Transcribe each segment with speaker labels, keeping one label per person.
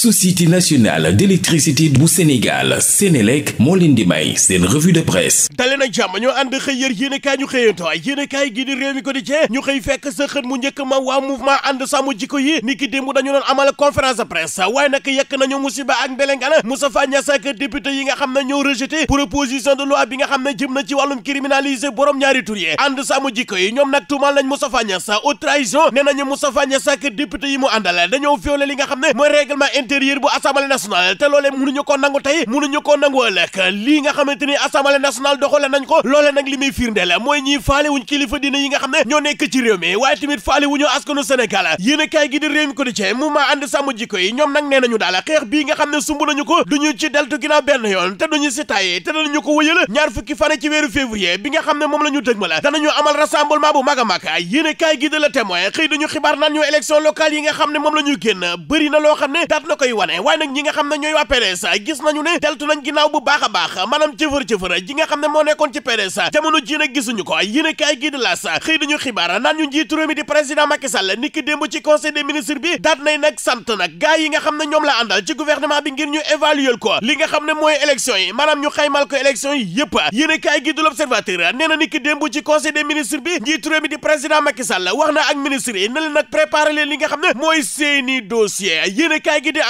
Speaker 1: société nationale d'électricité bu Sénégal Sénélec moo leen di may seen revue de presse dale na jàmm ñoo ànd xëy yër yéenekaay ñu xëyanto yéenekaay gi di réew ko di cee ñu xëy fekk sa mu njëkk ma waa mouvement ànd sàmm jikko yi ni démb dañu doon amal conférence de presse waaye nag yekk nañu musiba ak mbelengana nga xam ne jëm na ci wàllum criminaliser borom ñaari tur ànd sàmm jikko yi ñoom nag tuumal nañ Moustapha Niass haute trahison nee nañu intérieur bu assemblée nationale te loolee mënuñu ko nangu tey mënuñu ko nangu ëllëg lii nga xamante ni assemblée nationale doxale nañ ko loolee nag li muy firndeel mooy ñiy faale wuñ kilifa diine yi nga xam ne ñoo nekk ci réew waaye tamit faale wuñu askanu Sénégal yéen a kaay gi di réew di cee mu maa ànd sàmm yi ñoom nag nee nañu daal xeex bii nga xam ne sumb nañu ko duñu ci deltu ginnaaw benn yoon te duñu si tàyyi te danañu ko wëyal ñaar fukki fan koy wane waaye nag ñi nga xam ne ñooy waa PDS gis nañu ne deltu nañ ginnaaw bu baax a baax maanaam cëfër ji nga xam ne moo nekkoon ci PDS jamono ji nag gisuñu ko a kaay gii di laas xëy dañu xibaar naan ñu njiitu réew di président Macky Sall ni ki ci conseil des ministres bi daat nay nag sant nag gars nga xam ne ñoom la àndal ci gouvernement bi ngir ñu évaluer ko li nga xam ne mooy élection yi maanaam ñu xaymal ko élection yi a ne mooy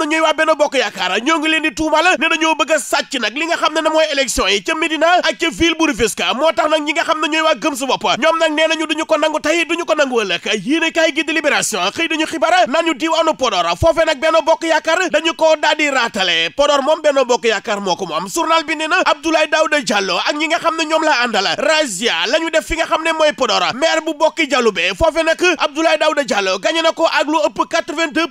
Speaker 1: na ñooy waa benn bokk yaakaar ñoo ngi leen di tuumal ne dañoo a sàcc nag benn bokk yaakaar dañu ko daal di raatale Podor moom ak ñi nga xam ne ñoom la àndal razia la ñu def fi nga xam ne mooy Podor maire bu bokki Diallo be foofee nag Abdoulaye Daouda Diallo gagné na ko ak lu ëpp 82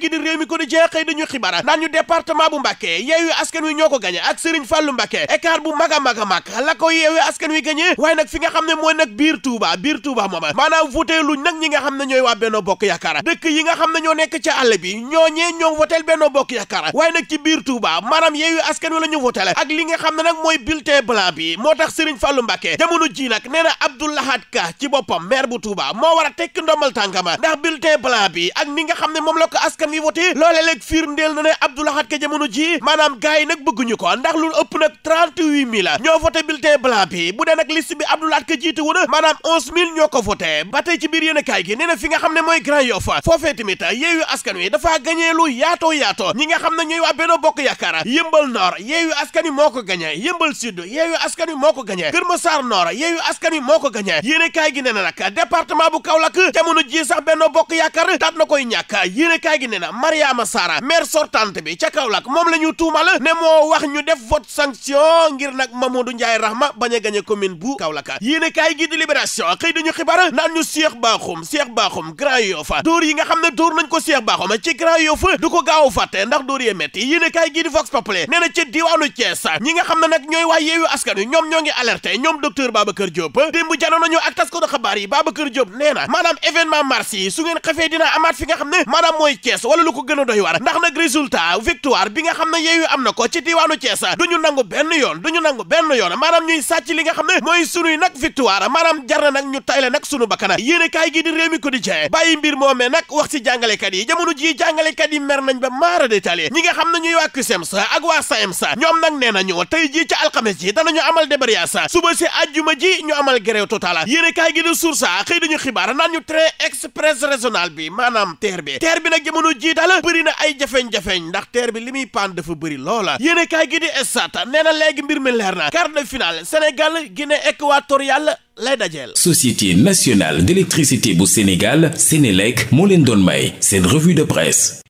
Speaker 1: gi di réew mi ko Quotidien xëy dañu xibaar naan ñu département bu Mbàkke yeewu askan wi ñoo ko gañe ak sëriñ Fallou Mbàkke écart bu mag a mag a mag la ko yeewu askan wi gañe waaye nag fi nga xam ne mooy nag biir Touba biir Touba mooma maanaam voté luñ nag ñi nga xam ne ñooy waa Benno Bokk Yaakaar dëkk yi nga xam ne ñoo nekk ci àll bi ñooñee ñoo votel Benno Bokk Yaakaar waaye nag ci biir Touba maanaam yeewu askan wi la ñu votel ak li nga xam ne nag mooy bulletin blanc bi moo tax Serigne Fallou Mbàkke jamono ji nag nee na Abdou Lahad Ka ci boppam maire bu Touba moo war a tekki ndombal tànkama ndax bulletin blanc bi ak ni nga xam ne moom la askan wi voté lool dalaleeg firndeel na ne Abdou Lahad jamono ji maanaam gars yi nag bëgguñu ko ndax lu ëpp nag trente-huit mille ñoo voté bulletin blanc bi bu dee nag liste bi Abdou Lahad Ka jiite woon maanaam onze mille ñoo ko voté ba tey ci biir yéen a kaay gi nee fi nga xam ne mooy Grand Yoff foofee tamit yeewu askan wi dafaa gañee lu yaatoo ñi nga xam ne ñooy waa Benno Bokk Yaakaar yëmbal nord yeewu askan wi moo ko gañee yëmbal sud yeewu askan wi moo ko gañee Kër Massar nord yeewu askan wi moo ko gañee yéen a kaay gi nee na nag Bokk Yaakaar daat na koy ñàkk a kaay Sara maire sortante bi ca Kaolack moom la ñu tuumal ne moo wax ñu def vote sanction ngir nag Mamadou Ndiaye Rahma bañ a gañe commune bu Kaolack yéene kaay gi di libération xëy dañu xibaar naan ñu Cheikh Bakhoum Cheikh Bakhoum Grand Yoff dóor yi nga xam ne dóor nañ ko Cheikh Bakhoum ci Grand Yoff du ko gaaw fàtte ndax dóor yee metti yéene kaay gi di Vox Populi nee na ci diwaanu Thiès ñi nga xam ne nag ñooy waa yeewu askan wi ñoom ñoo ngi alerté ñoom na maanaam événement mars yi nga xam ne maanaam mooy wala lu ko gën a doy waar ndax nag résultat victoire bi nga xam ne yeeyu am na ko ci diwaanu Thiès du ñu nangu benn yoon du ñu nangu benn yoon maanaam ñuy sàcc li nga xam ne mooy sunuy nag victoire maanaam jar nag ñu tayle nag sunu bakkana yéene kaay gi di réew mi ko di jee bàyyi mbir moomee nag wax ci jàngalekat yi jamono ji jàngalekat yi mer nañ ba maara détaillé ñi nga xam ne ñuy waa CUSEMS ak waa SAEMS ñoom nag nee nañu tey jii ci ji danañu amal ji ñu ñu train bëri na ay jafeñ-jafeñ ndax teer bi li muy paan dafa bëri loola yéene kaay gi di Stades nee na léegi mbir mi leer na quart de finale Sénégal Guinée équatoriale lay dajeel. Société nationale d'électricité bu Sénégal Sénélec moo leen doon may seen revue de presse